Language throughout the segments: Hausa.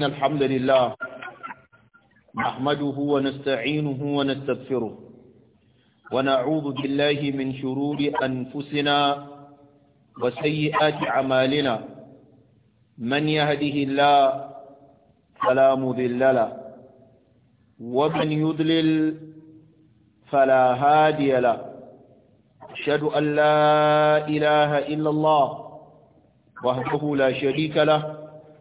إن الحمد لله نحمده ونستعينه ونستغفره ونعوذ بالله من شرور أنفسنا وسيئات أعمالنا من يهده الله فلا مذل له ومن يضلل فلا هادي له أشهد أن لا إله إلا الله وحده لا شريك له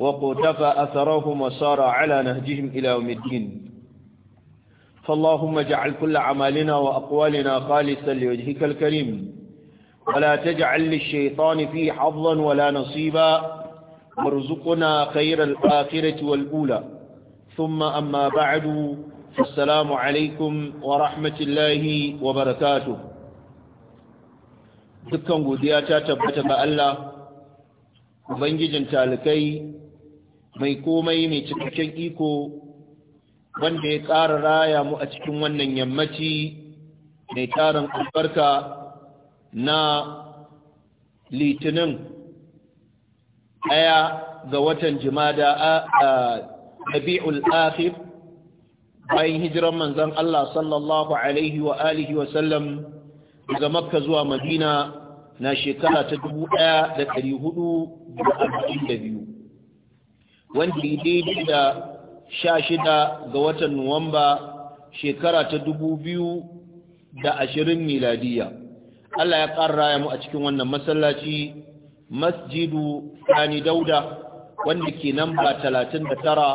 وقتفى أثرهم وسار على نهجهم إلى يوم الدين فاللهم اجعل كل عمالنا وأقوالنا خالصا لوجهك الكريم ولا تجعل للشيطان فيه حظا ولا نصيبا وارزقنا خير الآخرة والأولى ثم أما بعد السلام عليكم ورحمة الله وبركاته dukkan godiya ta tabbata ga Allah ubangijin talikai mai komai mai cikakken iko wanda ya ƙara raya mu a cikin wannan yammaci mai tarin albarka na litinin ɗaya ga watan jimada a ɗabi'ul akhir bayan hijiran manzan Allah sallallahu alaihi wa alihi wa sallam daga makka zuwa madina na shekara ta biyu. wanda daidai da sha shida ga watan Nuwamba shekara ta dubu biyu da ashirin miladiya. Allah ya ƙara mu a cikin wannan masallaci masjidu Sani Dauda wanda ke nan ba talatin da tara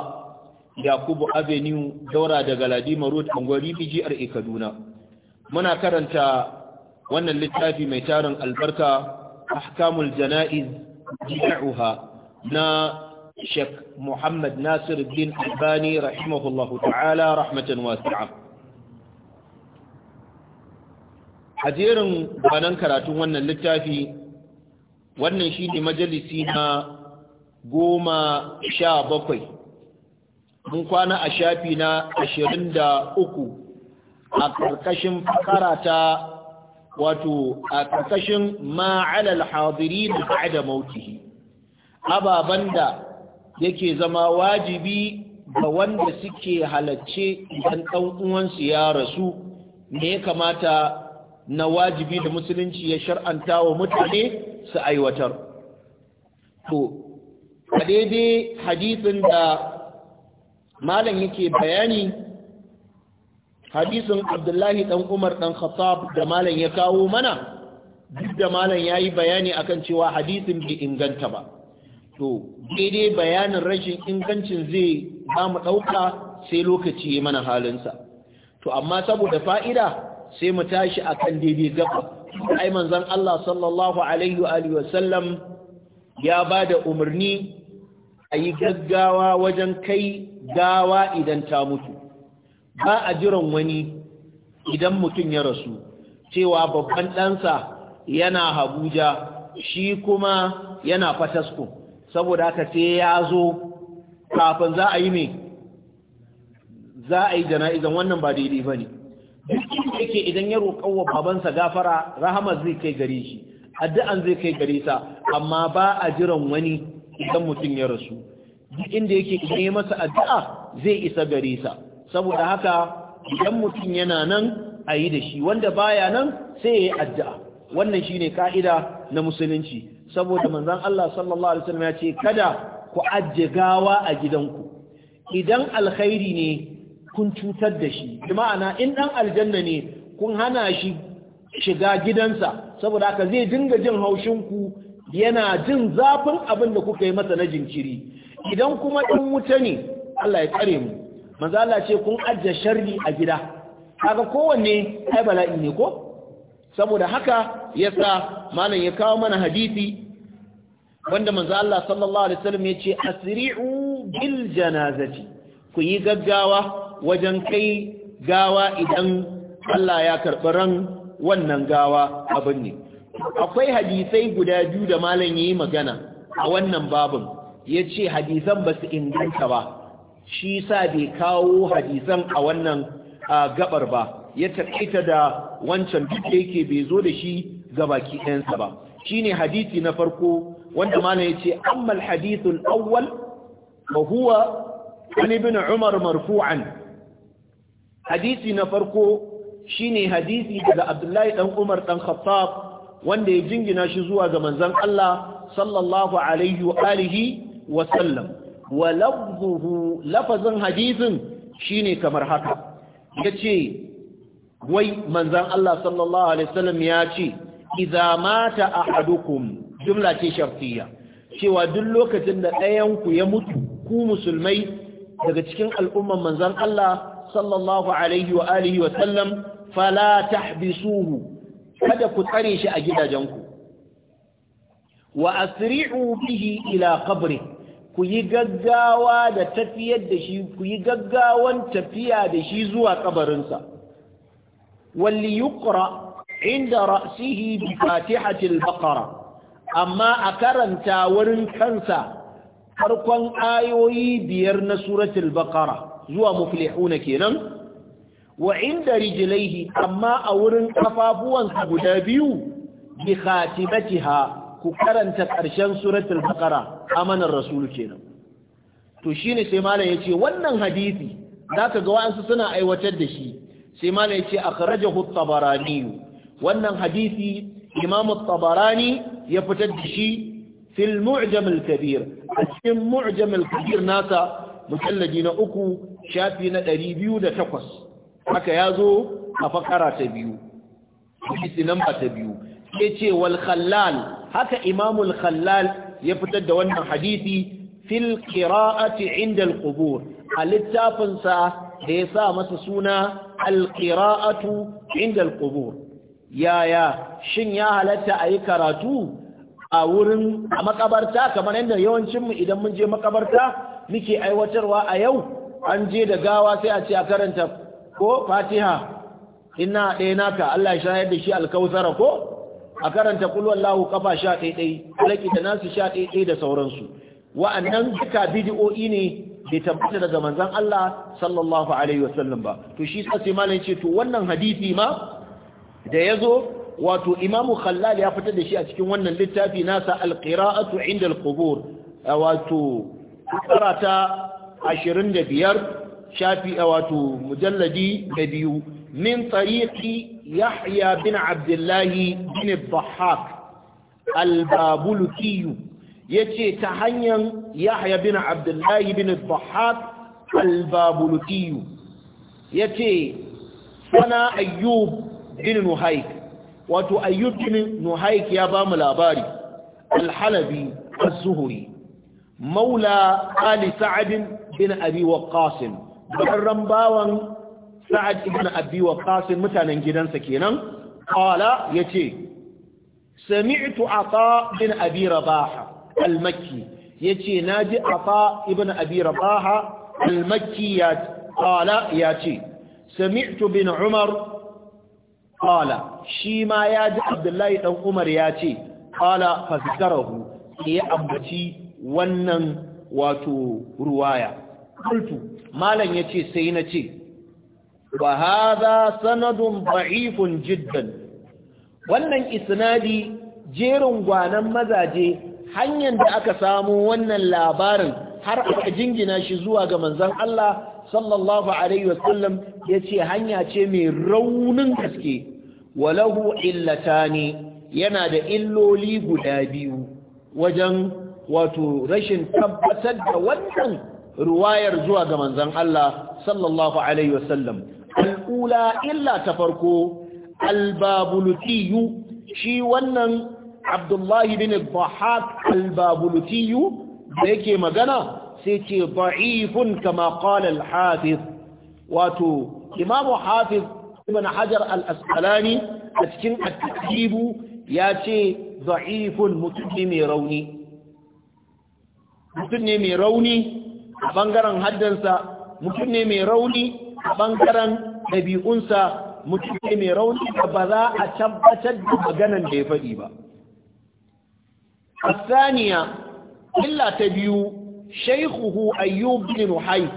Yakubu Avenue daura daga Ladima Road Angwari BGR Kaduna. Muna karanta wannan littafi mai tarin albarka ahkamul jana'iz jiya'uha na Sheikh Muhammad Nasir bin Albani rahimahullahu ta'ala rahmatan wasi'a a jerin banan karatun wannan littafi wannan shi ne majalisi na goma sha bakwai mun kwana a shafi na ashirin da uku a ƙarƙashin fakara wato a ƙarƙashin ma'alal hadiri da da mautihi ababen da yake zama wajibi ga wanda suke halacce idan ɗan uwansu ya rasu me ya kamata na wajibi da musulunci ya shar'anta wa mutane su aiwatar to a daidai hadisin da malam yake bayani hadisin abdullahi Ɗan umar Ɗan khattab da malam ya kawo mana duk da malam ya yi bayani akan cewa hadisin bai inganta ba to daidai bayanin rashin ingancin zai ba mu ɗauka sai lokaci ya mana halinsa to amma saboda fa'ida sai mu tashi a kan daidai gaba ai manzon Allah sallallahu alaihi wa alihi wasallam ya bada umarni a yi gaggawa wajen kai gawa idan ta mutu ba a jiran wani idan mutum ya rasu cewa babban ɗansa yana habuja shi kuma yana fataskun saboda haka sai ya zo kafin za a yi za a yi jana'izan wannan ba daidai ba ne duk yake idan ya roƙon wa babansa gafara rahamar zai kai gare shi addu'an zai kai gare sa amma ba a jiran wani idan mutum ya rasu duk inda yake idan ya masa addu'a zai isa gare sa saboda haka idan mutum yana nan a yi da shi wanda baya nan sai ya yi addu'a wannan shine ka'ida na musulunci saboda manzon Allah sallallahu alaihi wasallam ya ce kada ku ajiye gawa a gidanku idan alkhairi ne kun cutar da shi bi ma'ana in dan aljanna ne kun hana shi shiga gidansa saboda haka zai dinga jin haushin ku yana jin zafin abin da kuka yi masa na jinkiri idan kuma in wuta ne Allah ya kare mu manzo Allah ce kun ajiye sharri a gida kaga kowanne ai bala'i ne ko saboda haka yasa malam ya kawo mana hadisi wanda manzo Allah sallallahu alaihi wasallam yace asri'u bil janazati ku yi gaggawa wajen kai gawa idan Allah ya karɓi ran wannan gawa abin ne akwai hadisai guda biyu da malam yayi magana a wannan babin yace hadisan ba su inganta ba shi sa bai kawo hadisan a wannan gabar ba ya taƙaita da wancan duk yake bai zo da shi ga baki ɗayansa ba shine hadisi na farko wanda mana yace amma al-hadith al-awwal wa huwa an ibn umar marfu'an hadisi na farko shine hadisi daga abdullahi dan umar dan khattab wanda ya jingina shi zuwa ga manzon Allah sallallahu alaihi wa alihi wa sallam wa lafzuhu hadisin shine kamar haka yace wai manzon Allah sallallahu alaihi wasallam ya ce idza mata ahadukum jumla ce shartiyya cewa duk lokacin da ɗayan ku ya mutu ku musulmai daga cikin al'umman manzon Allah sallallahu alaihi wa alihi wa sallam fala tahbisuhu kada ku tsare shi a gidajenku wa asri'u bihi ila qabri ku yi gaggawa da tafiyar da shi ku yi gaggawan tafiya da shi zuwa kabarinsa wal yuqra inda ra'sihi bi fatihatil baqara amma a karanta wurin kansa farkon ayoyi biyar na suratul baqara zuwa muflihuna kenan wa inda amma a wurin kafafuwansa guda biyu bi khatimatiha ku karanta ƙarshen suratul baqara amanar rasul kenan to shine sai malam yace wannan hadisi zaka ga wa'ansu suna aiwatar da shi sai malam yace akhrajahu at-tabarani wannan hadisi imamu tabarani ya fitar da shi fil mu'jam al-kabir a cikin mu'jam al-kabir nasa mujalladi na uku shafi na ɗari biyu da takwas haka ya zo a fakara ta biyu hadisi namba ta biyu yace wal khallal haka imamul khallal ya fitar da wannan hadisi fil qira'ati inda al-qubur a littafinsa da ya sa masa suna al-qira'atu inda al-qubur yaya shin ya halatta a yi karatu a wurin a makabarta kamar yadda yawancinmu idan mun je makabarta muke aiwatarwa a yau an je da gawa sai a ce a karanta ko fatiha ina ɗaya naka Allah ya shayar da shi alkausara ko a karanta Lahu kafa sha ɗaiɗai alaki da nasu sha ɗaiɗai da sauransu wa'annan duka bidi'o'i ne bai tabbata daga manzon Allah sallallahu alaihi wasallam ba to shi sai malam ce to wannan hadisi ma da ya zo wato imamu khallal ya fitar da shi a cikin wannan littafi nasa alqira'atu inda alqubur wato karata 25 shafi wato mujalladi da biyu min tariqi yahya bin abdullah bin dhahhak yace ta hanyar yahya bin abdullah bin al-dhahhak yace sana ayyub bin nuhaik wato ayyub bin nuhaik ya ba mu labari al-halabi maula ali sa'ad bin abi waqqas barran bawan sa'ad bin abi waqqas mutanen gidansa kenan qala yace sami'tu ata bin abi rabah al-makki yace naji ata ibn abi rabah al-makki ya qala yace sami'tu bin umar qala shi ma ya ji abdullahi ɗan umar ya ce qala fa ke ya ambaci wannan wato ruwaya qultu malam ya ce, sai na ce wa hadha sanadun ba'ifun jiddan wannan isnadi jerin gwanan mazaje hanyar da aka samu wannan labarin har aka jingina shi zuwa ga manzon Allah sallallahu alaihi wasallam ya ce hanya ce mai raunin gaske walahu illatani yana da illoli guda biyu wajen wato rashin tabbatar da wannan ruwayar zuwa ga manzon Allah sallallahu alaihi wasallam al'ula illa ta farko albabulutiyu shi wannan abdullahi bin al albabulutiyu da yake magana sai ce da'ifun kama qala hafiz wato imamu hafiz ibn hajar al-asqalani a cikin at-tajibu ya ce da'ifun mutum mai rauni mutum ne mai rauni a bangaren haddansa mutum ne mai rauni a bangaren ɗabi'unsa mutum ne mai rauni da ba za a tabbatar da maganan da ya faɗi ba. A Saniya illa ta biyu shaykhuhu ayyub bin malamin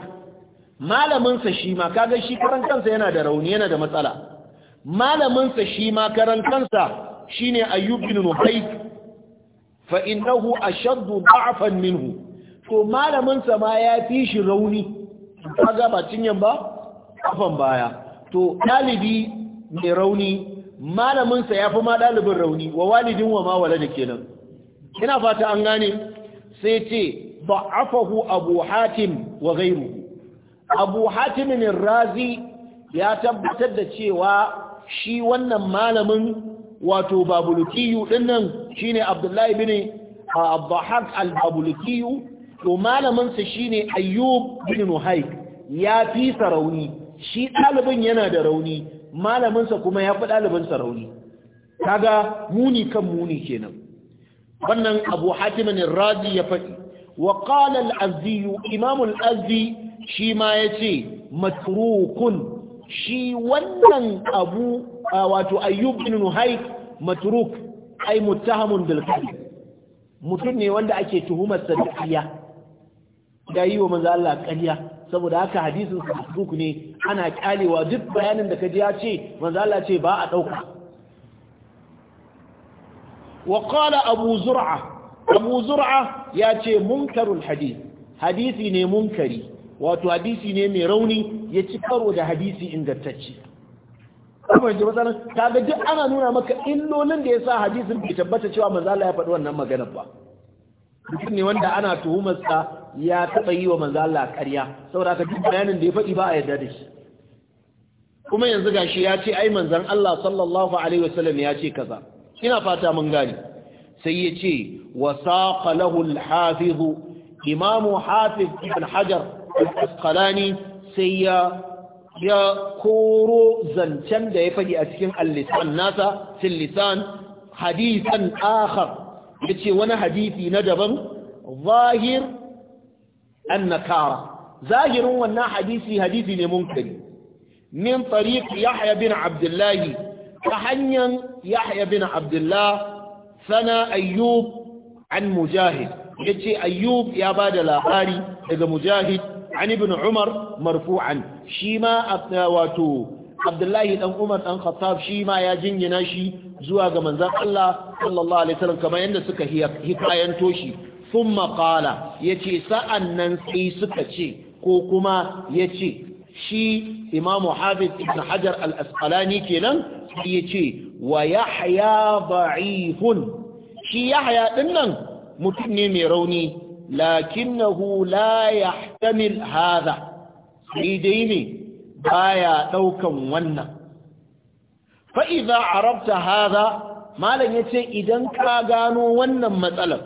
malaminsa shi ma kaga shi karan kansa yana da rauni yana da matsala malaminsa shi ma karan kansa shine ayyub bin ruhayk fa innahu ashaddu da'fan minhu to malaminsa ma ya fi shi rauni kaga ba cinyan ba kafan baya to dalibi mai rauni malaminsa yafi yafi ma dalibin rauni wa walidin wa ma walada kenan ina fata an gane sai ce ضعفه أبو حاتم وغيره أبو حاتم الرازي يا تبتد شيوا شي ونن مالم واتو بابلكي لنن شيني عبد الله بن الضحاك البابلكي ومالم شيني أيوب بن نهيك يا في سروني shi ɗalibin yana da rauni malaminsa kuma ya fi ɗalibinsa rauni kaga muni kan muni kenan wannan abu hatimin razi ya faɗi wa qala al-azdi imam al shi ma yace matrukun shi wannan abu wato ayyub bin nuhayk matruk ay muttahamun mutum ne wanda ake tuhumar sa da yi wa manzo Allah ƙarya saboda haka hadisin Maturuk ne ana kyalewa duk bayanin da kaji ya ce manzo Allah ce ba a ɗauka. wa abu zur'a abu zur'a ya ce munkarul hadith hadisi ne munkari wato hadisi ne mai rauni ya ci karo da hadisi ingantacce kuma ji matsalar kaga duk ana nuna maka illolin da ya sa hadisin bai tabbata cewa manzo ya faɗi wannan magana ba mutum ne wanda ana tuhumarsa ya taɓa yi wa manzo Allah ƙarya saboda ka duk bayanin da ya faɗi ba a yarda da shi kuma yanzu gashi ya ce ai manzon Allah sallallahu alaihi wasallam ya ce kaza ina fata mun gane sai ya ce wa saqa hafiz imam ibn hajar al-asqalani sai ya ya koro zancen da ya faɗi a cikin al-lisan nasa fil lisan hadisan akhar yace wani hadisi na daban zahir an-nakara zahirin wannan hadisi hadisi ne munkari min tariq yahya bin abdullah ta hanyar yahya bin abdullah sana ayyub an mujahid yace ayyub ya bada labari daga mujahid an ibn umar marfu'an shima ma wato abdullahi dan umar dan khattab shima ya jingina shi zuwa ga manzon Allah sallallahu alaihi wasallam kamar yanda suka hikayanto shi thumma qala yace sa'annan sai suka ce ko kuma yace shi imamu hafiz ibn hajar al askalani kenan sai ya ce wa yahya da'ifun shi ya haya dinnan mutum ne mai rauni lakin la yahtamil hadha sai dai ne baya daukan wannan fa'iza arabta haza malam ya ce idan ka gano wannan matsalar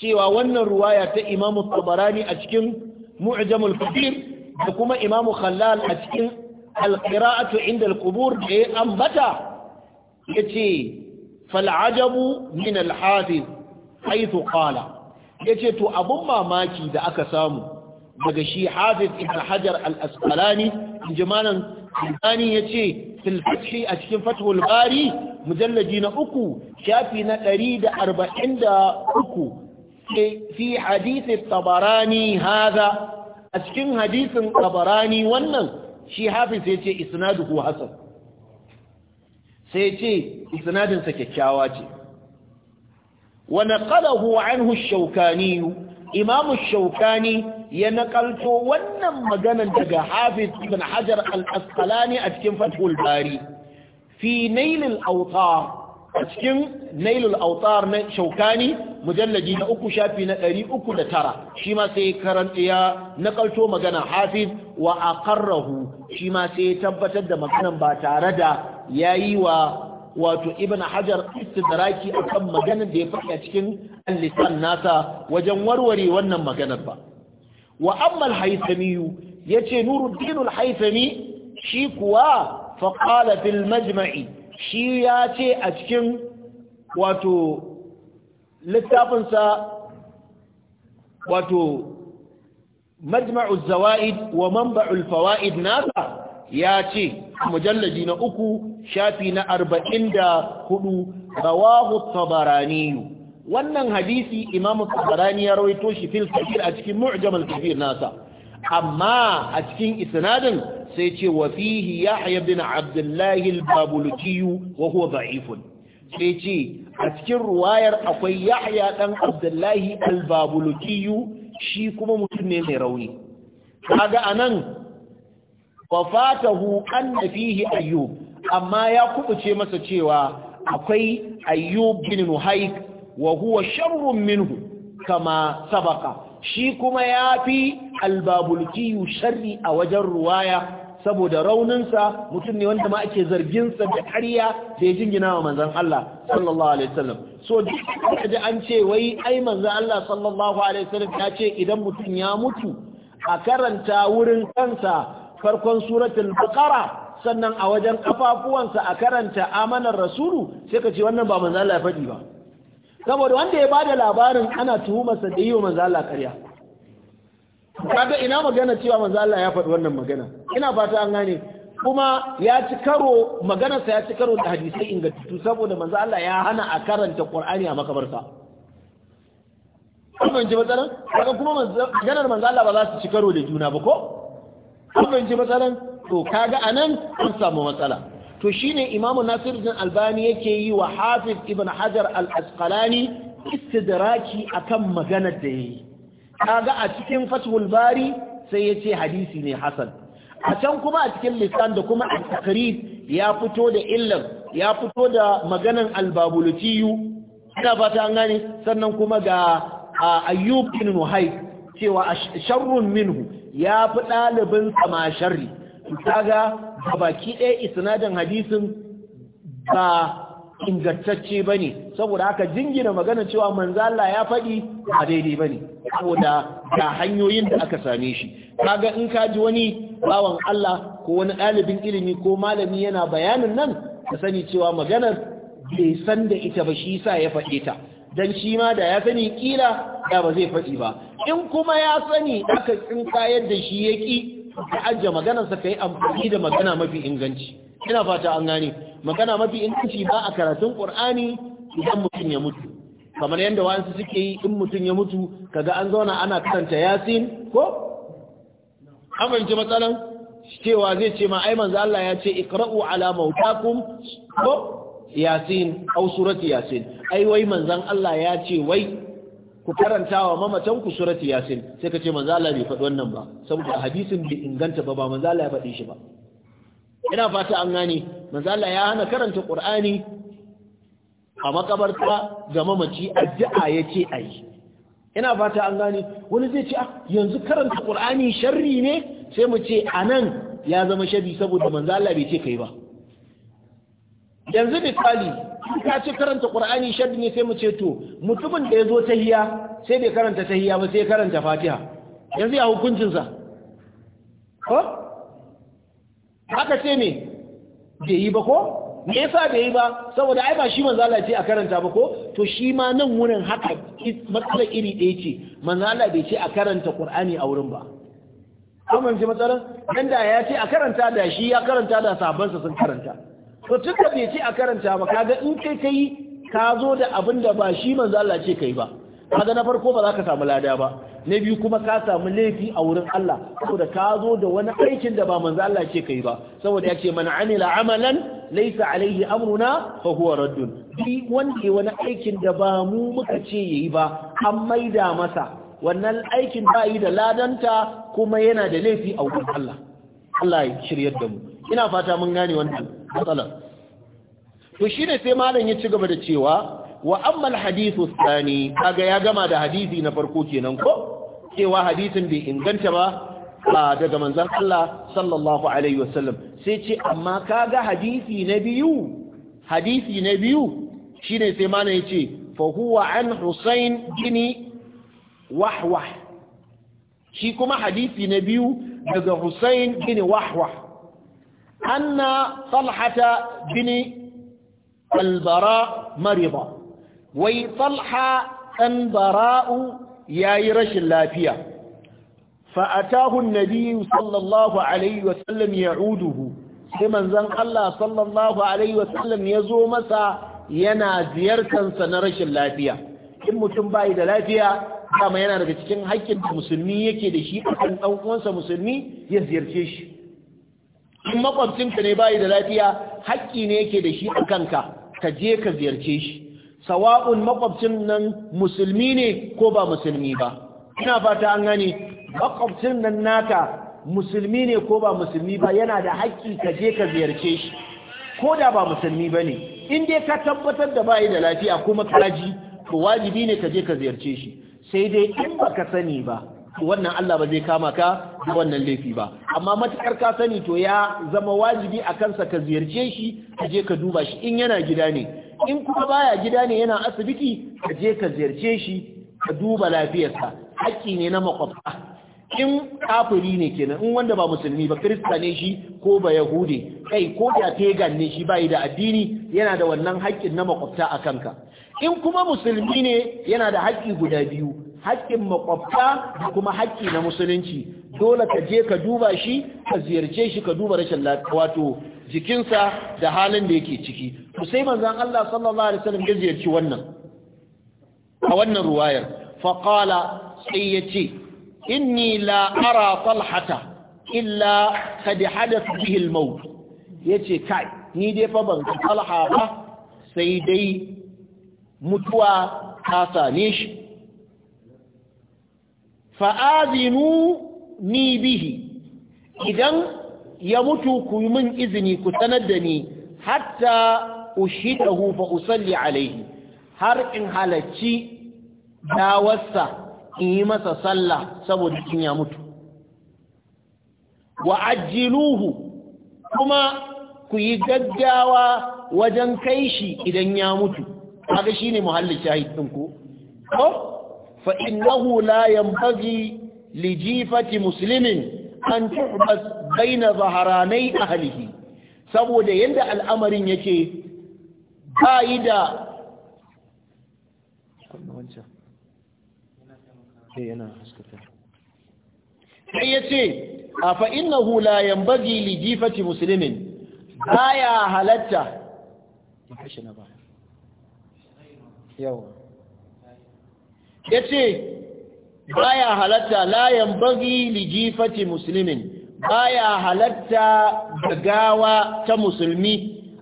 cewa wannan ruwaya ta imamu tabarani a cikin mu'jamul kabir da kuma imamu khallal a cikin alƙira'atu inda ƙubur da ya ambata ya ce fal'ajabu min alhafiz haithu qala ya ce to abun mamaki da aka samu daga shi hafiz ibn hajar al-asqalani jimanan albani ya ce filfashi a cikin fathul bari mujallaji na uku shafi na ɗari da arba'in da uku fi hadithin tabarani haza a cikin hadisin tabarani wannan shi hafiz ya ce isnaduhu hasan sai ya ce isnadinsa kyakkyawa ce wa naqalahu anhu ash-shawkani imamu ash-shawkani ya naqalto wannan maganan daga hafiz ibn hajar al-asqalani a cikin fathul bari fi nail al-awtar a cikin nailul autar na shaukani mujallaji na uku shafi na ɗari uku da tara shi ma sai karanta ya nakalto magana hafiz wa aqarrahu shi ma sai tabbatar da maganan ba tare da yayi wa wato ibn hajar istidraki akan maganar da ya faɗi a cikin al-lisan nasa wajen warware wannan maganar ba wa amma al ya yace nuruddin al shi kuwa faƙala fil majma'i shi ya ce a cikin wato littafinsa wato majma'u zawa'id wa manba'u fawa'id nasa ya ce mujallaji na uku shafi na arba'in da hudu rawahu tabarani wannan hadisi imamu tabarani ya rawaito shi fil a cikin mu'jam al nasa amma a cikin isnadin sai ce wa fihi yahya bin abdullahi al-babuluki wa huwa da'ifun sai ce a cikin ruwayar akwai yahya dan abdullahi al-babuluki shi kuma mutum ne mai rauni kaga anan wa fatahu anna fihi ayyub amma ya kubuce masa cewa akwai ayyub bin nuhaik wa huwa sharrun minhu kama sabaka shi kuma ya fi albabulkiyu sharri a wajen ruwaya saboda rauninsa mutum ne wanda ma ake zarginsa da ƙarya da ya jingina wa manzan Allah sallallahu alaihi wasallam so duk da an ce wai ai manzan Allah sallallahu alaihi wasallam ya ce idan mutum ya mutu a karanta wurin kansa farkon suratul baqara sannan a wajen kafafuwansa a karanta amanar rasulu sai ka ce wannan ba manzan Allah ya faɗi ba saboda wanda ya bada labarin ana tuhumarsa da yi wa manzan Allah ƙarya kaga ina magana cewa manzo Allah ya faɗi wannan magana ina fata an gane kuma ya ci karo maganarsa ya ci karo da hadisai ingantattu saboda manzo Allah ya hana a karanta Qur'ani a makabarta kun ji matsalan kaga kuma maganar manzo Allah ba za su ci karo da juna ba ko kun ji matsalan to kaga anan an samu matsala to shine Imam bin Albani yake yi wa Hafiz Ibn Hajar Al-Asqalani istidraki akan maganar da yake kaga a cikin fathul bari sai ya ce hadisi ne hasan a can kuma a cikin lisan da kuma al-takrir ya fito da illar ya fito da maganan al-babulutiyu ina fata an gane sannan kuma ga ayyub bin muhaib cewa sharrun minhu ya fi ɗalibin sama sharri kaga ga baki ɗaya isnadin hadisin ba ingantacce ba ne saboda haka jingina magana cewa manzala ya faɗi a daidai ba ne saboda ga hanyoyin da aka same shi kaga in ka ji wani bawan Allah ko wani ɗalibin ilimi ko malami yana bayanin nan ka sani cewa maganar bai san da ita ba shi sa ya faɗe ta dan shi ma da ya sani kila da ba zai faɗi ba in kuma ya sani aka tsinka da shi ya ki ka ajiye maganarsa ka yi amfani da magana mafi inganci ina fata an gane magana mafi inganci ba a karatun ƙur'ani idan mutum ya mutu kamar yadda wa'ansu suke yi in mutum ya mutu kaga an zauna ana karanta yasin ko amince matsalan cewa zai ce ma ai manzo Allah ya ce iqra'u ala mautakum ko yasin au surati yasin ai wai manzon Allah ya ce wai ku karantawa mamatan ku surati yasin sai ka ce manzo Allah bai faɗi wannan ba saboda hadisin bai inganta ba ba manzo Allah ya faɗi shi ba ina fata an gane manzo Allah ya hana karanta Qur'ani a makabarta ga mamaci addu'a yace ai ina fata an gane wani zai ce ah yanzu karanta Qur'ani sharri ne sai mu ce anan ya zama shabi saboda manzo Allah bai ce kai ba yanzu misali ka ce karanta Qur'ani sharri ne sai mu ce to mutumin da yazo tahiya sai bai karanta tahiya ba sai karanta Fatiha yanzu ya hukuncin sa ko Haka ce ne bai yi ba ko me yasa bai yi ba saboda ai ba shi manzo Allah ce a karanta ba ko to shi ma nan wurin haka matsala iri ɗaya ce manzo Allah bai ce a karanta Qur'ani a wurin ba kuma ji matsalar dan da ya ce a karanta da shi ya karanta da sabonsa sun karanta to tun bai ce a karanta ba kaga in kai kai ka zo da abin da ba shi manzo Allah ce kai ba kaga na farko ba za ka samu lada ba na biyu kuma ka samu laifi a wurin Allah saboda ka zo da wani aikin da ba manzo Allah ce kai ba saboda ce man amila amalan laysa alaihi amruna fa huwa raddun bi wanda wani aikin da ba mu muka ce yayi ba an maida masa wannan aikin ba yi da ladanta kuma yana da laifi a wurin Allah Allah ya shiryar da mu ina fata mun gane wannan matsalar to shine sai malam ya ci gaba da cewa wa ammal hadithu tsani kaga ya gama da hadisi na farko kenan ko cewa hadisin bai inganta ba daga manzon Allah sallallahu alaihi wasallam sai ce amma kaga hadisi na biyu hadisi na biyu shine sai mana yace fa huwa an Husain bin Wahwah shi kuma hadisi na biyu daga Husain bin Wahwah anna Talhata bin albara bara marida wai talha ɗan bara'u ya yi rashin lafiya fa'atahun nabiyu sallallahu alaihi wasallam ya uduhu sai manzan Allah sallallahu alaihi wasallam ya zo masa yana ziyartansa na rashin lafiya in mutum bai da lafiya dama yana daga cikin haƙƙin da musulmi yake da shi akan ɗan uwansa musulmi ya ziyarce shi in makwabcinka ne bayi da lafiya haƙƙi ne yake da shi a kanka ka je ka ziyarce shi sawa'un makwabcin nan musulmi ne ko ba musulmi ba ina fata an gane makwabcin nan naka musulmi ne ko ba musulmi ba yana da haƙƙi ka je ka ziyarce shi ko da ba musulmi ba ne in dai ka tabbatar da bayi da lafiya kuma kaji to wajibi ne ka je ka ziyarce shi sai dai in baka sani ba to wannan Allah ba zai kama ka da wannan laifi ba amma matakar ka sani to ya zama wajibi a kansa ka ziyarce shi ka je ka duba shi in yana gida ne in kuma baya gida ne yana asibiti ka je ka ziyarce shi ka duba lafiyarsa haƙƙi ne na makwabta in kafiri ne kenan in wanda ba musulmi ba kirista ne shi ko ba yahudi kai ko da pagan ne shi bai da addini yana da wannan haƙƙin na makwabta a kanka in kuma musulmi ne yana da haƙƙi guda biyu haƙƙin makwabta da kuma haƙƙi na musulunci dole ka je ka duba shi ka ziyarce shi ka duba rashin lafiya wato jikinsa da halin da yake ciki to sai manzon Allah sallallahu alaihi wasallam ya ziyarci wannan a wannan ruwayar fa qala sai yace inni la ara talhata illa kad hadath bihi al-maut yace kai ni dai fa ban talha ba sai dai mutuwa ta same shi fa'azinu ni bihi idan ya mutu ku yi min izini ku sanar da ni hatta ushi da hufa usalli alaihi har in halarci dawarsa in yi masa sallah saboda kin ya mutu wa ajiluhu kuma ku yi gaggawa wajen kai shi idan ya mutu haka shi ne muhallin shahid ɗinku, ko fa innahu la yanbaghi li jifati muslimin an tuhbas baina saboda yanda al'amarin yake bayi da sai ya ce a fa'inna hula yan lijifati musulmin baya halatta ya ya ce baya halatta layan bagi lijifati musulmin baya halatta da gawa ta musulmi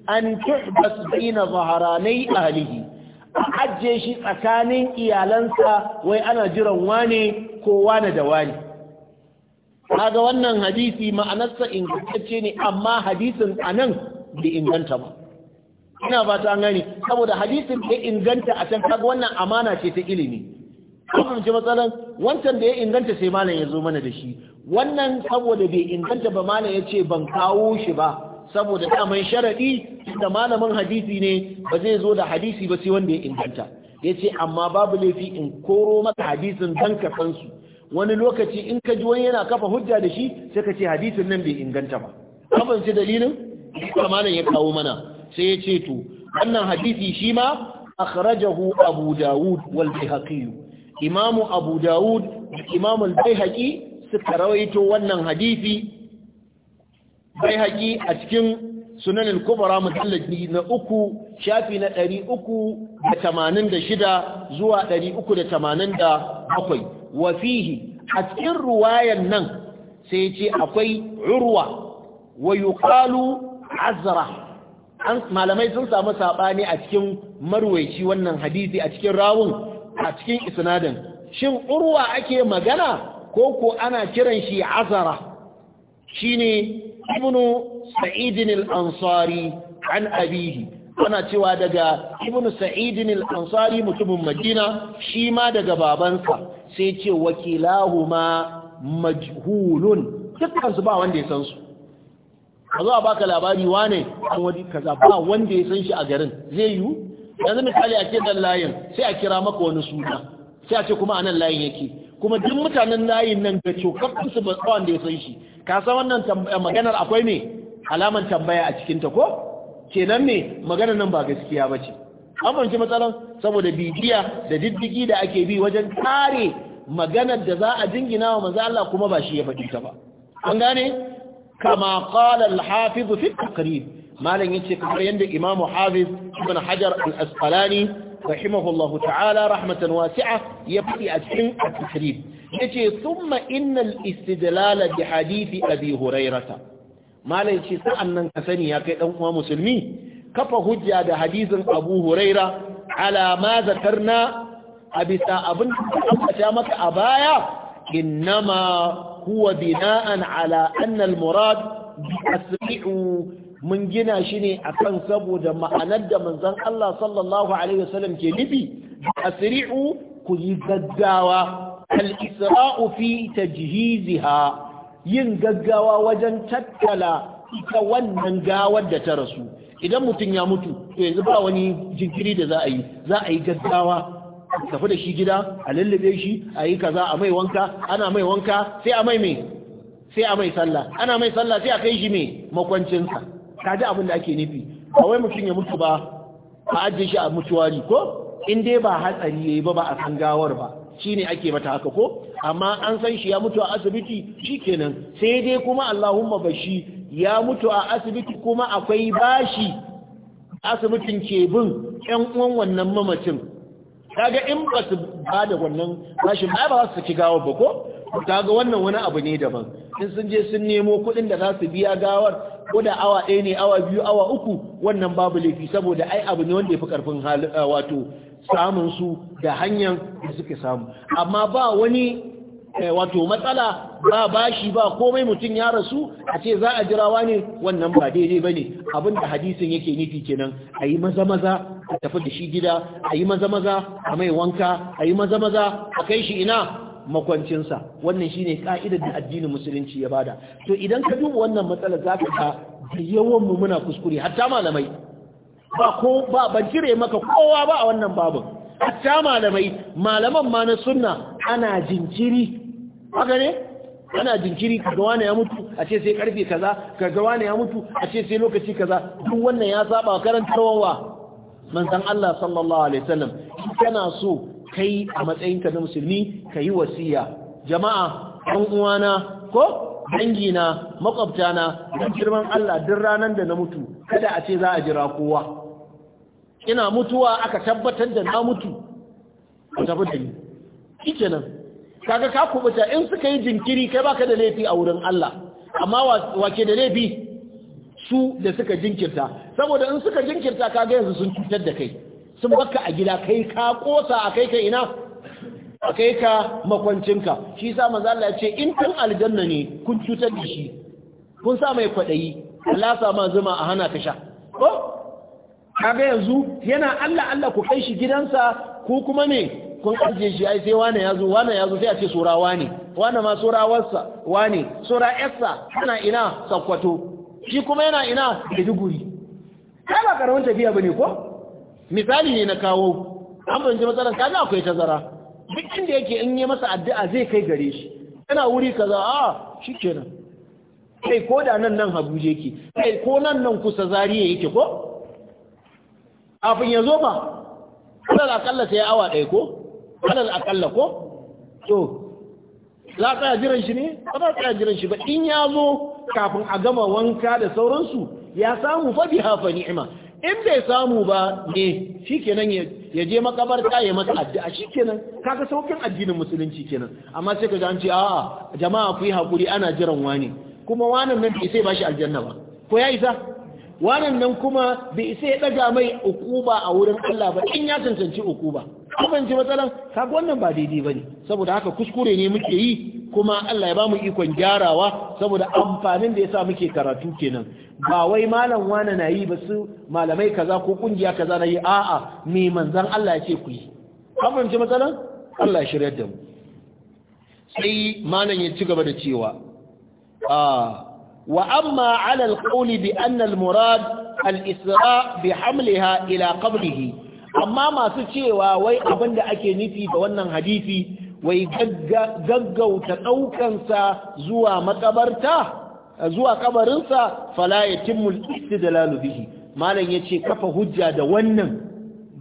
an tuhbas baina zaharanai ahlihi a ajiye shi tsakanin iyalansa wai ana jiran wane ko wane da wane kaga wannan hadisi ma'anarsa ingantacce ne amma hadisin anan bai inganta ba ina ba ta gani saboda hadisin bai inganta a can kaga wannan amana ce ta ilimi kasance matsalan wancan da ya inganta sai malam ya zo mana da shi wannan saboda bai inganta ba malam ya ce ban kawo shi ba saboda daman sharaɗi da malamin hadisi ne ba zai zo da hadisi ba sai wanda ya inganta ya ce amma babu laifi in koro maka hadisin dan ka san su wani lokaci in ka ji wani yana kafa hujja da shi sai ka ce hadisin nan bai inganta ba kabanci dalilin malam ya kawo mana sai ya ce to wannan hadisi shi ma akhrajahu abu dawud wal bihaqi imamu abu dawud da imamu bayhaqi suka rawaito wannan hadisi haƙi a cikin sunan al-kubra mutallaji na uku shafi na 386 zuwa 387 wa fihi a cikin ruwayan nan sai ce akwai urwa wa yuqalu azra malamai sun samu saɓani a cikin marwaici wannan hadisi a cikin rawun a cikin isnadin shin urwa ake magana ko ko ana kiran shi azara shine ibnu sa'idin al-ansari an abihi ana cewa daga ibnu sa'idin al-ansari mutumin madina shi ma daga babansa sai ce wakilahuma majhulun dukkan su ba wanda ya san su a zuwa baka labari wane an wani kaza ba wanda ya san shi a garin zai yiwu yanzu misali a ce dan layin sai a kira maka wani suna sai a ce kuma nan layin yake kuma duk mutanen layin nan ga cokakkin su ba da ya san shi ka san wannan maganar akwai me alaman tambaya a cikin ta ko kenan ne maganar nan ba gaskiya ba ce an fahimci matsalar saboda bibiya da diddigi da ake bi wajen kare maganar da za a jingina wa manzo Allah kuma ba shi ya faɗi ta ba an gane kama qala al-hafiz fi taqrib malam yace kamar yanda imamu hafiz ibn hajar al-asqalani rahimahullahu ta'ala rahmatan wasi'a ya fadi a cikin at-tashrib yace thumma innal istidlal bi hadithi abi hurairata malam yace sa'annan ka sani ya kai dan uwa musulmi kafa hujja da hadisin abu huraira ala ma zakarna a bisa abin da maka a baya innama huwa bina'an ala anna al-murad bi asri'u mun gina shi ne akan saboda ma'anar da manzon Allah sallallahu alaihi wasallam ke nufi asri'u ku yi gaggawa al-isra'u fi tajhiziha yin gaggawa wajen tattala ita wannan gawar da ta rasu idan mutum ya mutu to yanzu ba wani jinkiri da za a yi za a yi gaggawa tafi da shi gida a lullube shi a yi kaza a mai wanka ana mai wanka sai a mai mai sai a mai sallah ana mai sallah sai a kai shi mai makwancinsa ka ji abin da ake nufi ba wai mutum ya mutu ba a ajiye shi a mutuwari ko in dai ba hatsari yayi ba ba a san gawar ba Shi ne ake mata haka ko amma an san shi ya mutu a asibiti shi kenan. sai dai kuma Allahumma bashi ya mutu a asibiti kuma akwai bashi asibitin ke bin ƴan uwan wannan mamacin kaga in ba su ba da wannan bashin ba ba su saki gawar ba ko ta ga wannan wani abu ne daban in sun je sun nemo kudin da za su biya gawar ko da awa ɗaya ne awa biyu awa uku wannan babu laifi saboda ai abu ne wanda ya fi ƙarfin eh, wato samun su da hanyar da suke samu amma ba wani eh, wato matsala ba bashi ba komai mutum ya rasu a ce za a jirawa ne wannan ba daidai ba ne abinda hadisin yake nufi kenan a yi maza-maza a tafi da shi gida a yi maza-maza a mai wanka a yi maza-maza a kai shi ina makwancinsa wannan shine ka'idar da addinin musulunci ya bada to idan ka duba wannan matsalar za ka ga da yawan mu muna kuskure hatta malamai ba ko ba ban kire maka kowa ba a wannan babu hatta malamai malaman ma na sunna ana jinkiri haka ne ana jinkiri kaga wani ya mutu a ce sai karfe kaza kaga wani ya mutu a ce sai lokaci kaza duk wannan ya saba karantarwa manzon Allah sallallahu alaihi wasallam kana so kai a matsayinka na musulmi ka yi wasiya jama'a ɗan uwana ko dangina makwabtana don girman Allah duk ranar da na mutu kada a ce za a jira kowa ina mutuwa aka tabbatar da na mutu a tafi da ni kike nan kaga ka kubuta in suka yi jinkiri kai baka da laifi a wurin Allah amma wake da laifi su da suka jinkirta saboda in suka jinkirta kaga yanzu sun cutar da kai sun baka a gida kai ka kosa a kai ka ina a kai ka makwancinka shi sa maza Allah ya ce in kun aljanna ne kun cutar da shi kun sa mai kwaɗayi Allah sa ma zuma a hana ka sha ko kaga yanzu yana Allah Allah ku kai shi gidansa ko kuma ne kun ajiye shi ai sai wani ya zo wani ya zo sai a ce sura ne. wani ma sura wassa wane sura yassa tana ina sakwato shi kuma yana ina da duguri kai ba karamin tafiya bane ko misali ne na kawo an fahimci matsalar kaga akwai tazara duk inda yake in yi masa addu'a zai kai gare shi yana wuri kaza a ah, shi kenan kai ko da nan nan Abuja yake kai ko nan nan kusa Zariya yake ko kafin ya zo ba alal akalla sai awa ɗaya ko alal akalla ko to za ka jiran shi ne ba za ka jiran shi ba in ya zo kafin a gama wanka da sauransu ya samu fa biha fa ni'ima in bai samu ba ne kenan ya je makabarta ya masa addu'a shi kenan kaga saukin addinin musulunci kenan amma sai ka ji a jama'a ku yi hakuri ana jiran wani kuma wanan nan bai sai bashi aljanna ba ko ya isa wanannan nan kuma bai sai ya daga mai ukuba a wurin Allah ba in ya tantance ukuba kuma ji matsalan kaga wannan ba daidai bane saboda haka kuskure ne muke yi kuma Allah ya ba mu ikon gyarawa saboda amfanin da yasa muke karatu kenan ba wai malam wani na yi ba su malamai kaza ko kungiya kaza na yi a'a me manzan Allah ya ce ku yi an matsalan Allah ya shirya da mu sai malam ya ci gaba da cewa ah, wa amma ala alqawli bi anna almurad al-isra bi hamliha ila qabrihi amma masu cewa wai abinda ake nufi da wannan hadisi wai gaggauta ɗaukansa zuwa makabarta zuwa kabarinsa fala yatimul da lalubihi. malam yace kafa hujja da wannan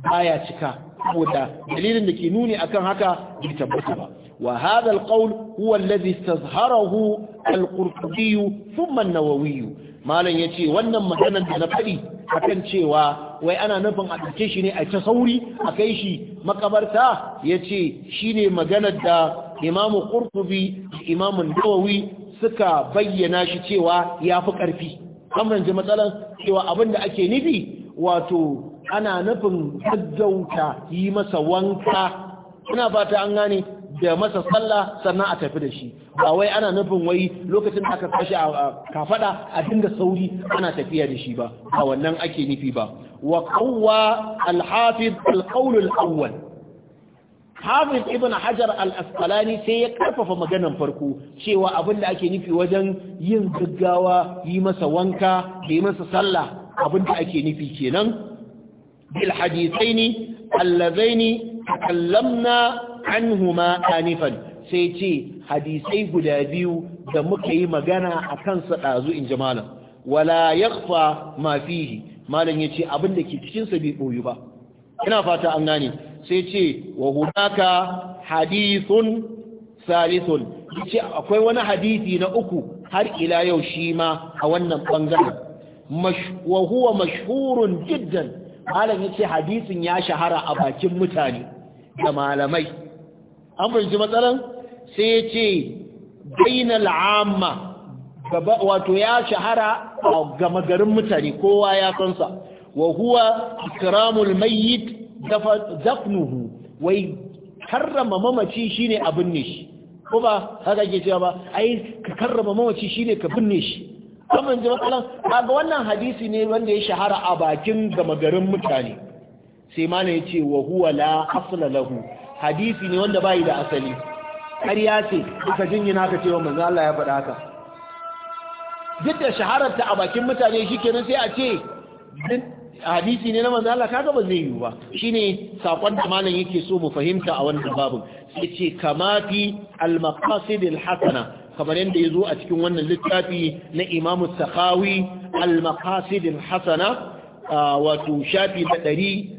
baya cika saboda dalilin da ke nuni akan haka bai tabbata ba wa hadha alqawl huwa alladhi istazharahu alqurtubi thumma an-nawawi malam yace wannan maganar da na fadi akan cewa wai ana nufin a ɗauke shi ne a ta sauri a kai shi makabarta ya ce shi ne maganar da imamu ƙurtubi da imamun dawawi suka bayyana shi cewa ya fi ƙarfi kamar ji matsalar cewa abin da ake nufi wato ana nufin gaggauta yi masa wanka ina fata an gane da masa sallah sannan a tafi da shi ba wai ana nufin wai lokacin da aka kashi a kafada a dinga sauri ana tafiya da shi ba a wannan ake nufi ba wa qawwa al-hafiz al-qawl al-awwal hafiz ibn hajar al-asqalani sai ya karfafa maganan farko cewa abin da ake nufi wajen yin gaggawa yi masa wanka da yi masa sallah abin da ake nufi kenan bil hadithaini allazaini takallamna anhuma anifan sai ce hadisai guda biyu da muka yi magana a kansa ɗazu in ji malam wala yakhfa ma fihi malam ya ce abin da ke cikinsa bai ɓoyu ba ina fata an gane sai ce wa hunaka hadithun salithun yace akwai wani hadisi na uku har ila yau shi ma a wannan bangaren wa huwa mashhurun jiddan malam yace hadisin ya shahara a bakin mutane da malamai an fahimci matsalan sai ya ce daina la'amma, wato ya shahara a gama garin mutane kowa ya sansa wa huwa ikramul mayyit dafnuhu wai karrama mamaci shine abin ne shi ko ba haka ke cewa ba ai karrama mamaci shine ka binne shi kaman ji matsalan kaga wannan hadisi ne wanda ya shahara a bakin gama garin mutane sai mana yace wa huwa la asla lahu hadisi ne wanda bai da asali ƙarya ce duka jinyina ka cewa manzo Allah ya faɗa haka duk da shahararta a bakin mutane shikenan sai a ce hadisi ne na manzo Allah kaga ba zai yiwu ba shine sakon da malam yake so mu fahimta a wannan babu sai ce kama fi al-maqasid al-hasana kamar yadda ya zo a cikin wannan littafi na Imam Sakhawi al-maqasid al-hasana wato shafi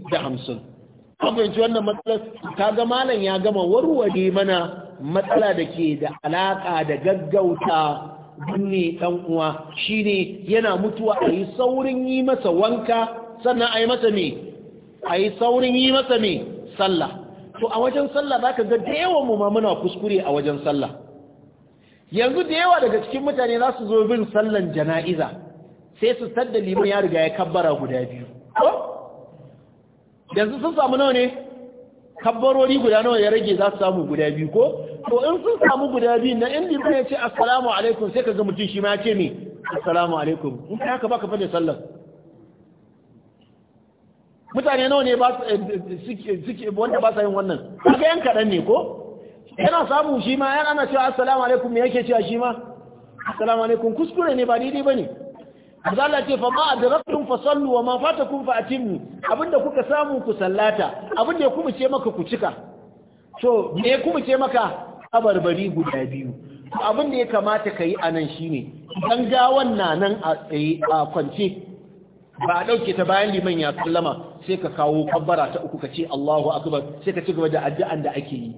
da 150 fahimci wannan matsalar ta ga malam ya gama warware mana matsala da ke da alaka da gaggauta binne dan uwa shine yana mutuwa a yi saurin yi masa wanka sannan a yi masa me a yi saurin yi masa me sallah to a wajen sallah zaka ga da yawan mu ma muna kuskure a wajen sallah yanzu da yawa daga cikin mutane za su zo bin sallan jana'iza sai su sadda liman ya riga ya kabbara guda biyu yanzu sun samu nawa ne kabbarori guda nawa ya rage za su samu guda biyu ko to in sun samu guda biyu na in liman ya ce assalamu alaikum sai ka ga mutum shi ma ya ce me assalamu alaikum in ka haka baka fada sallar mutane nawa ne ba eh, suke wanda ba sa yin wannan kaga yan kaɗan ne ko yana samu shi ma yana ana cewa assalamu alaikum me yake cewa shi ma assalamu alaikum kuskure ne ba daidai bane Allah ce fa ma adraktum fa sallu wa ma fatakum fa atimmu abinda kuka samu ku sallata abinda ya kuma ce maka ku cika to me ya kuma ce maka abarbari guda biyu abinda ya kamata kai anan shine dan gawan na nan a tsaye a kwance ba a ɗauke ta bayan liman ya sallama sai ka kawo kabbara ta uku ka ce Allahu akbar sai ka ci gaba da addu'an da ake yi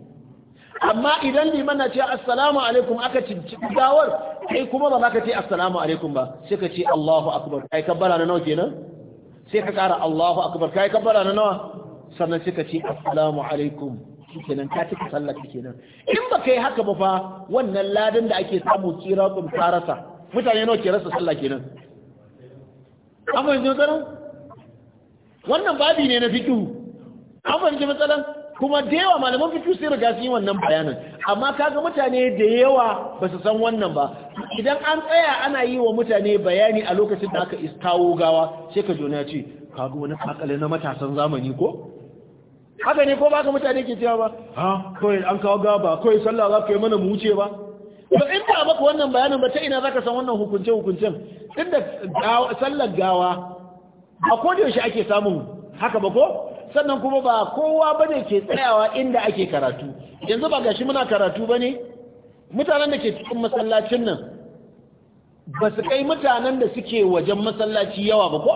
amma idan liman na ce assalamu alaikum aka cincin gawar kai kuma ba za ka ce assalamu alaikum ba sai ka ce Allahu akbar kai kabbara na nawa kenan sai ka kara Allahu akbar kai kabbara na nawa sannan sai ka ce assalamu alaikum kenan ka cika sallar kenan in ba kai haka ba fa wannan ladan da ake samu kira kun tarasa mutane nawa ke rasa sallah kenan An fahimci tsaron wannan babi ne na fiqh An fahimci matsalan kuma da yawa malaman fikihu sai riga sun yi wannan bayanin amma kaga mutane da yawa ba su san wannan ba idan an tsaya ana yi wa mutane bayani a lokacin da aka kawo gawa sai ka jona ce kaga wani kakale na matasan zamani ko haka ne ko ba ka mutane ke cewa ba ha kawai an kawo gawa ba kawai sallah za ka yi mana mu wuce ba ba in ba maka wannan bayanin ba ta ina za ka san wannan hukunce hukuncen da sallar gawa a shi ake samun haka ba ko sannan kuma ba kowa bane ke tsayawa inda ake karatu yanzu ba gashi muna karatu bane mutanen da ke cikin masallacin nan ba su kai mutanen da suke wajen masallaci yawa ba ko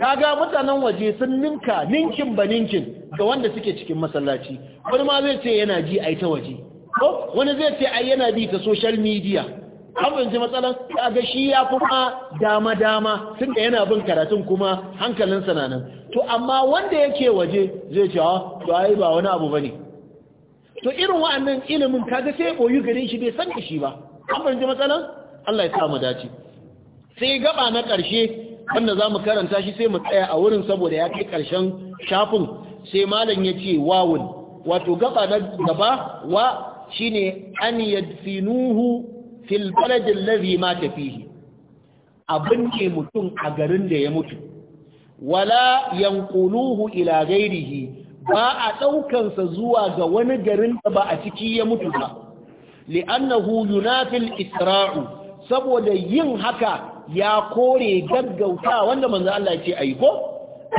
kaga mutanen waje sun ninka ninkin ba ninkin ga wanda suke cikin masallaci wani ma zai ce yana ji ai ta waje ko wani zai ce ai yana bi ta social media an fahimci matsalan ga shi ya fi ma dama dama tun da yana bin karatun kuma hankalinsa na to amma wanda yake waje zai ce ha ah, to ai ba wani abu bane to irin wa'annan ilimin kaga sai boyu gare shi bai san shi ba an fahimci matsalan Allah ya samu dace sai gaba na karshe wanda zamu karanta shi sai mu tsaya a wurin saboda ya kai karshen shafin sai malam ya ce wawun wato gaba na gaba wa shine an yadfinuhu fil baladin lazi ma tafihi abin ke mutum a garin da ya mutu wala yanquluhu ila gairihi ba a ɗaukansa zuwa ga wani garin da ba a ciki ya mutu ba li'annahu yunafil isra'u saboda yin haka ya kore gaggauta wanda manzo Allah ce ayi ko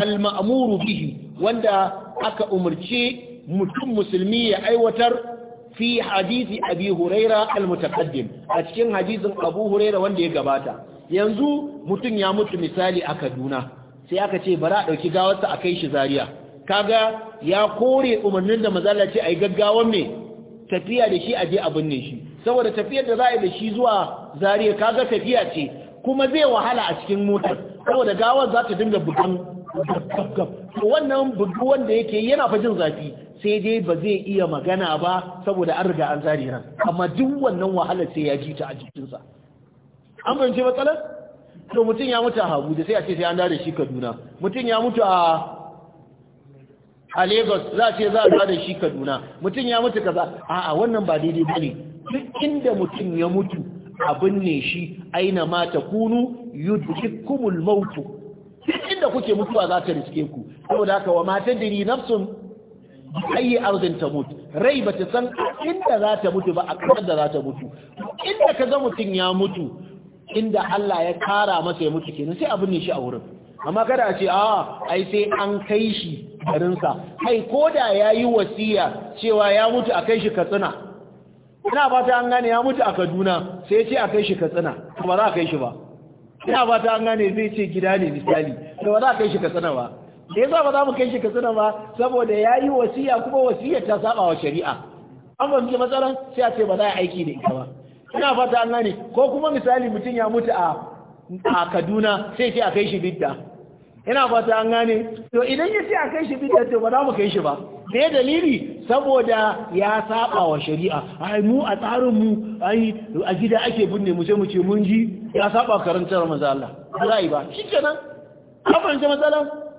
al ma'muru bihi wanda aka umarci mutum musulmi ya aiwatar fi hadisi abi huraira al a cikin hadisin abu huraira wanda ya gabata yanzu mutum ya mutu misali a Kaduna sai aka ce bara a dauki gawarsa a kai shi Zariya, kaga ya kore umarnin da mazalla ce ai gaggawan me tafiya da shi aje abin ne shi saboda tafiyar da za a yi da shi zuwa Zariya kaga tafiya ce kuma zai wahala a cikin motar saboda gawar za ta dinga bugan to wannan bugu wanda yake yana fa jin zafi sai dai ba zai iya magana ba saboda an riga an zari ran amma duk wannan wahalar sai ya ji ta a jikinsa an fahimci matsalar to mutum ya mutu a habu da sai a ce sai an da shi kaduna mutum ya mutu a a lagos za a ce za a da shi kaduna mutum ya mutu kaza a wannan ba daidai bane duk inda mutum ya mutu abin ne shi aina ma takunu yudrikumul mautu duk inda kuke mutuwa za ta riske ku saboda haka wa mata diri nafsun ayi arzin ta mutu rai ba ta san inda za ta mutu ba a kasar da za ta mutu inda ka ga mutum ya mutu inda Allah ya kara masa ya mutu kenan sai abin ne shi a wurin amma kada a ce a ai sai an kai shi garinsa kai ko da ya yi wasiya cewa ya mutu a kai shi katsina ina ba ta an gane ya mutu a kaduna sai ya ce a kai shi katsina ba za a kai shi ba ina ba ta an gane zai ce gida ne misali to ba za kai shi katsina ba da yasa ba za mu kai shi katsina ba saboda ya yi wasiya kuma wasiya ta saba wa shari'a an fahimci matsalan sai a ce ba za a aiki da ita ba ina ba ta an gane ko kuma misali mutum ya mutu a a Kaduna sai ce a kai shi bidda ina ba ta an gane to idan ya ce a kai shi bidda to ba za mu kai shi ba me dalili saboda ya saba wa shari'a ai mu a tsarin mu ai a gida ake binne mu sai mu ce mun ji ya saba karantar maza Allah ba ba shi kenan ka fahimci matsala.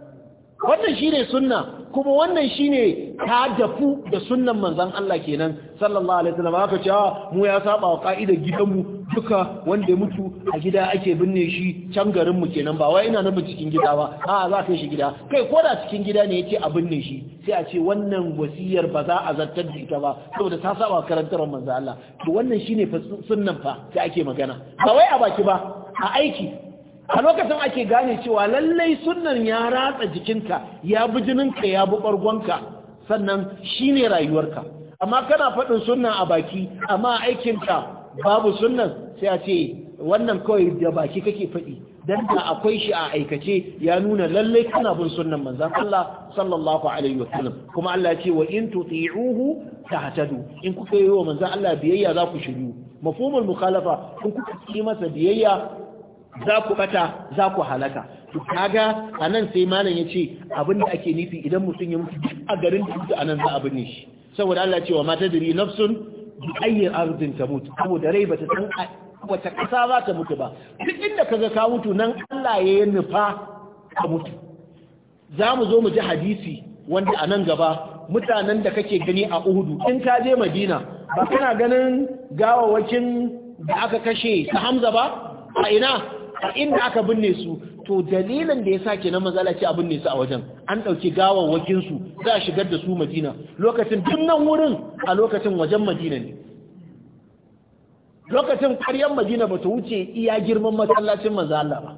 wannan shine sunna kuma wannan shine ta dafu da sunnan manzon Allah kenan sallallahu alaihi wasallam aka ce ah, mu ya saba wa ka'idar gidanmu duka wanda ya mutu a gida ake binne shi can garin mu kenan ba wai ina nufin cikin gida ba a za ka shi gida kai ko da cikin gida ne yake a binne shi sai a ce wannan wasiyar ba za a zartar da ita ba saboda ta saba karantar manzon Allah to wannan shine sunnan fa sai ake magana ba wai a baki ba a aiki a lokacin ake gane cewa lallai sunnan ya ratsa jikinka ya bi jininka ya bi ɓargonka sannan shi ne rayuwarka amma kana faɗin sunna a baki amma aikinka babu sunnan sai a ce wannan kawai da baki kake faɗi dan da akwai shi a aikace ya nuna lallai kana bin sunnan manzon Allah sallallahu alaihi wasallam kuma Allah ya ce wa in tuti'uhu tahtadu in kuka yi wa manzon Allah biyayya za ku shiru mafhumul mukhalafa in kuka yi masa biyayya za ku bata za ku halaka to kaga anan sai malam yace abin da ake nufi idan mutum ya mutu a garin da mutu anan za a binne shi saboda Allah ce wa mata diri nafsun bi ayyi ardin tamut saboda rai bata san wata kasa za ta mutu ba duk inda kaga ka mutu nan Allah ya yi nufa ka mutu za mu zo mu ji hadisi wanda a nan gaba mutanen da kake gani a Uhudu in ka je Madina ba kana ganin gawawakin da aka kashe ta Hamza ba a ina a inda aka binne su to dalilin da ya sake na mazala ce a binne su a wajen an ɗauki gawawwakin su za a shigar da su madina lokacin nan wurin a lokacin wajen madina ne lokacin ƙaryar madina ba ta wuce iya girman matsalacin mazala ba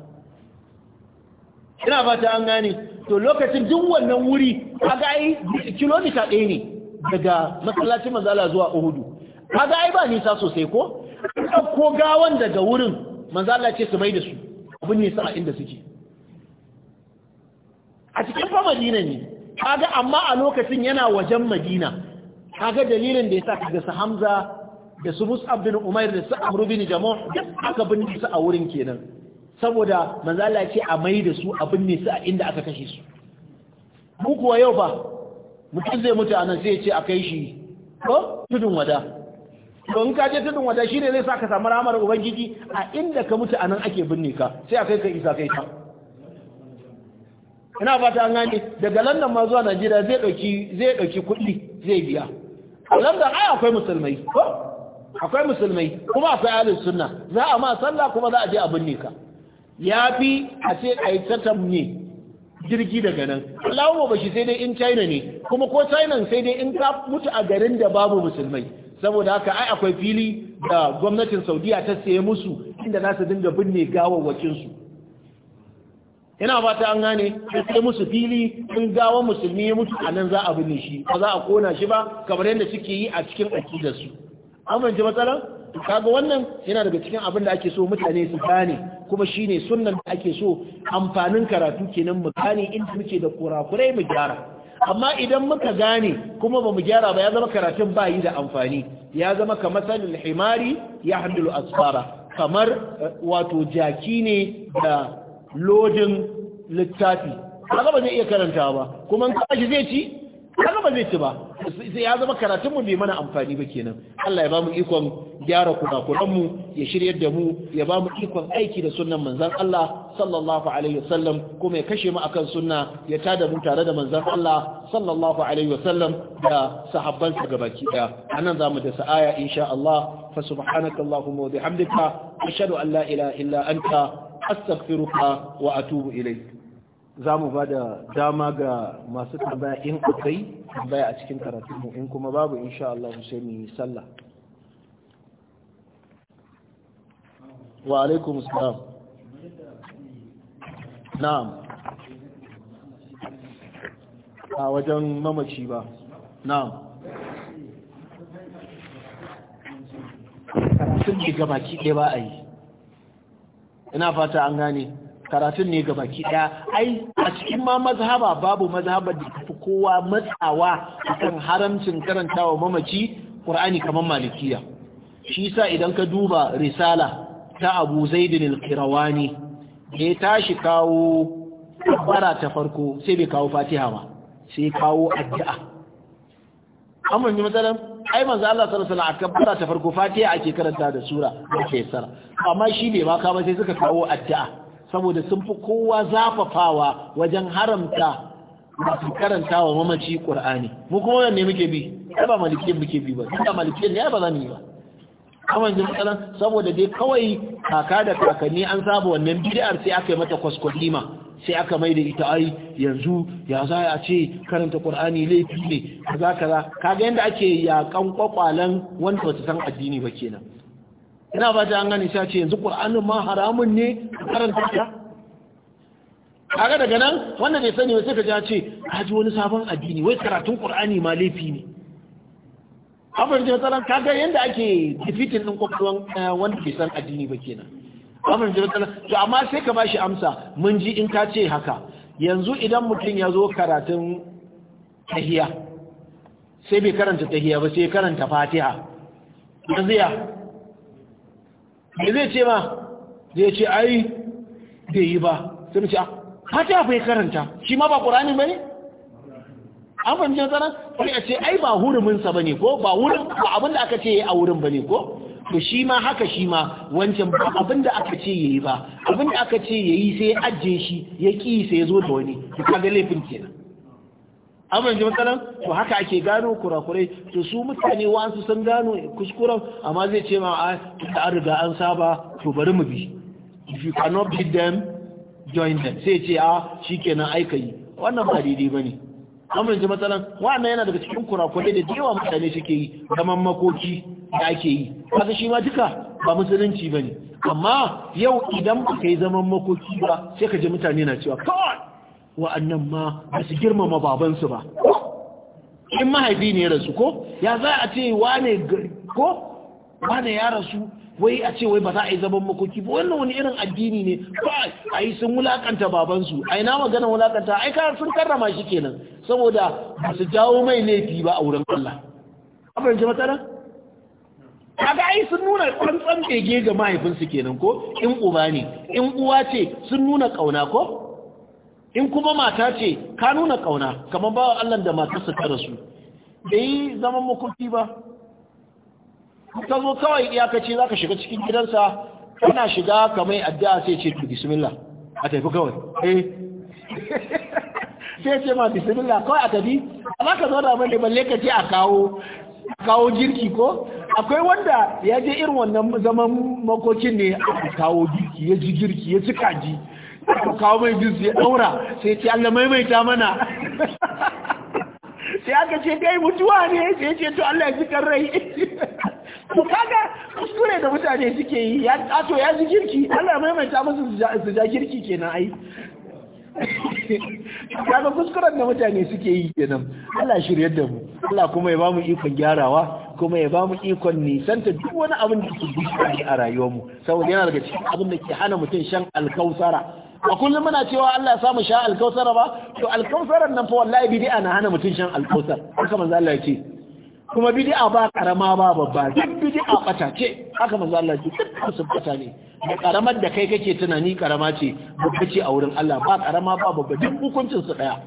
ina fata an gane to lokacin duk wannan wuri kaga ai kilomita ɗaya ne daga matsalacin mazala zuwa Uhudu kaga ai ba nisa sosai ko ko gawan daga wurin manzo Allah ce su mai da su abin ne a inda suke a cikin fa Madina ne kaga amma a lokacin yana wajen Madina kaga dalilin da ya sa kaga su Hamza da su Mus'ab bin Umair da su Amr bin Jamuh aka binne su a wurin kenan saboda manzo Allah ce a mai da su abin ne a inda aka kashe su mu kuwa yau ba mutum zai mutu anan sai ya ce a kai shi ko tudun wada don ka je tudun wata shine zai sa samu ramar ubangiji a inda ka mutu anan ake binne ka sai a kai ka isa kai ta ina fata an gane daga Landan ma zuwa Najeriya zai dauki zai dauki kuɗi zai biya a London ai akwai musulmai ko akwai musulmai kuma akwai ahlus sunna za a ma sallah kuma za a je a binne ka yafi a ce kai ta ne jirgi daga nan ba shi sai dai in China ne kuma ko China sai dai in ka mutu a garin da babu musulmai saboda haka ai akwai fili da gwamnatin saudiya ta saye musu inda za su dinga binne gawawwakinsu ina fata an gane sai musu fili in gawa musulmi ya mutu a nan za a binne shi ba za a kona shi ba kamar yadda suke yi a cikin su. an fahimci matsalar kaga wannan yana daga cikin abin da ake so mutane su gane kuma shine sunnan da ake so amfanin karatu kenan mu gane inda muke da kurakurai mu gyara amma idan muka gane kuma ba mu gyara ba ya zama karatun bayi da amfani ya zama kamar sanin himari ya handilu asfara kamar eh, wato jaki ne da lodin littafi ba zai iya karanta ba kuma in kashi zai ci kaga ba zai ci ba sai ya zama karatun mu bai mana amfani ba kenan Allah ya bamu ikon gyara kurakuran mu ya shiryar da mu ya bamu ikon aiki da sunnan manzon Allah sallallahu alaihi wasallam kuma ya kashe mu akan sunna ya tada mu tare da manzon Allah sallallahu alaihi wasallam da sahabban sa gabaki daya anan zamu da sa'aya insha Allah fa subhanaka allahumma wa bihamdika ashhadu an la ilaha illa anta astaghfiruka wa atubu ilayk za mu ba da dama ga masu tambaya in akwai tambaya a cikin mu, in kuma babu insha Allah sai mu yi sallah wa alaikum salam na'am a wajen mamaci ba na'am karatun ne gabaki ɗaya ba a yi ina fata an gane karatun ne gabaki ɗaya ai a cikin ma mazhaba babu mazhaba da fi kowa matsawa akan haramcin karantawa mamaci qur'ani kamar malikiya shi yasa idan ka duba risala ta Abu zaidin al-Qirawani tashi kawo bara ta farko sai bai kawo Fatiha ba sai kawo addu'a amma ni matsalan ai manzo Allah sallallahu alaihi wasallam kabbara ta farko Fatiha ake karanta da sura da sara amma shi bai ba ka ba sai suka kawo addu'a saboda sun fi kowa zafafawa wajen haramta masu karanta wa mamaci ƙur'ani mu kuma ne muke bi ai ba malikiyar muke bi ba tunda malikiyar ne ba za mu yi ba kamar yanzu matsalan saboda dai kawai kaka da kakanni an saba wannan bid'ar sai aka yi mata kwaskwalima sai aka mai da ita ai yanzu ya za a ce karanta ƙur'ani laifi ne kaza kaza kaga yanda ake yakan kwakwalen wanda bata san addini ba kenan ina ba ta an gani sha ce yanzu qur'anin ma haramun ne karanta ta kaga daga nan wanda bai sani sai ka ja ce a ji wani sabon addini wai karatun qur'ani ma laifi ne abin da tsaron kaga yanda ake defeating ɗin kwakwalwan eh, wanda ke san addini ba kenan abin da tsaron to amma sai ka bashi amsa mun ji in ka ce haka yanzu idan mutum ya zo karatun tahiya sai bai karanta tahiya ba sai karanta fatiha yanzu ya mai zai ce ma zai ce ai bai yi ba sai mace a, ah, kata bai karanta shi ma ba ƙur'ani ba ne? an fahimci tsara kuma ya ce ai ba hurumin sa ne? ko ba wurin? ba abin da aka ce ya yi a wurin ba ne, ko to shi ma haka shi ma wancan ba abin da aka ce ya yi ba abin da aka ce ya yi sai ya ajiye shi ya ki sai ya zo da wani ka ga laifin kenan amma ji matsalan to haka ake gano kurakurai to su mutane su san gano kuskuren amma zai ce ma ah, a ta riga an saba to bari mu bi if you cannot beat them join them sai ce a ah, shi kenan aika yi wannan ba daidai bane amma ji matsalan wannan yana daga cikin kurakurai da yawa mutane suke yi zaman makoki da ake yi haka shi ma duka ba musulunci ne. amma yau idan ba ka yi zaman makoki ba sai ka ji mutane na cewa kawai wa'annan ma ba su girmama babansu ba in mahaifi ne ya rasu ko ya za a ce wane ko wane ya rasu wai a ce wai ba za a yi zaman makoki ba wannan wani irin addini ne ba a yi sun wulakanta babansu a ina magana wulakanta ai kawai sun karrama shi kenan saboda ba su jawo mai laifi ba a wurin Allah abin ji A ai sun nuna kwantsan bege ga mahaifinsu kenan ko in uba ne in uwa ce sun nuna ƙauna ko in kuma mata ce ka nuna ƙauna kamar ba Allah da matarsa ta rasu bai zaman makofi ba ka zo kawai iyakaci za ka shiga cikin gidansa kana shiga kamar addu'a sai ce tu bismillah a tafi kawai eh sai ce ma bismillah kawai a tafi za ka zo da mai balle ka ce a kawo kawo jirki ko akwai wanda ya je irin wannan zaman makokin ne a kawo jirki ya ji jirki ya ci kaji aka kawo mai jus ya daura sai ce Allah maimaita mana sai aka ce kai mutuwa ne sai ce to Allah ya ji rai to kaga kuskure da mutane suke yi ya ato ya ji girki Allah maimaita musu su ja girki kenan ai kaga kuskuren da mutane suke yi kenan Allah shiryar da mu Allah kuma ya bamu ikon gyarawa kuma ya bamu ikon nisanta duk wani abin da ke gudu a rayuwarmu saboda yana daga cikin abin da ke hana mutum shan alkausara ba kullum muna cewa Allah ya samu sha alkausar ba to alkausarar nan fa wallahi bid'a na hana mutun shan alkausar haka manzo Allah ya ce kuma bid'a ba karama ba babba duk bid'a bata ce haka manzo Allah ya ce duk su bata ne da karamar da kai kake tunani karama ce babba ce a wurin Allah ba karama ba babba duk hukuncin su daya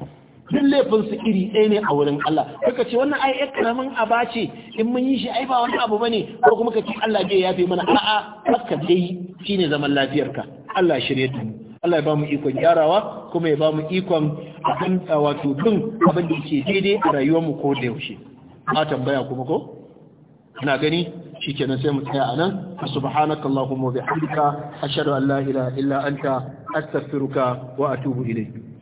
duk laifin su iri ɗaya ne a wurin Allah kuka ce wannan ai ɗan karamin aba ce in mun yi shi ai ba wani abu bane ko kuma ka ce Allah bai yafe mana a'a haka dai shine zaman lafiyarka Allah shirye ta mu Allah ya ba mu ikon yarawa, kuma ya ba mu ikon abin wato bin abin da yake daidai a rayuwar mu ko da yaushe A tambaya kuma ko ina gani shikenan sai mu tsaya anan subhanakallahumma wa bihamdika ashhadu an la ilaha illa anta astaghfiruka wa atubu ilayk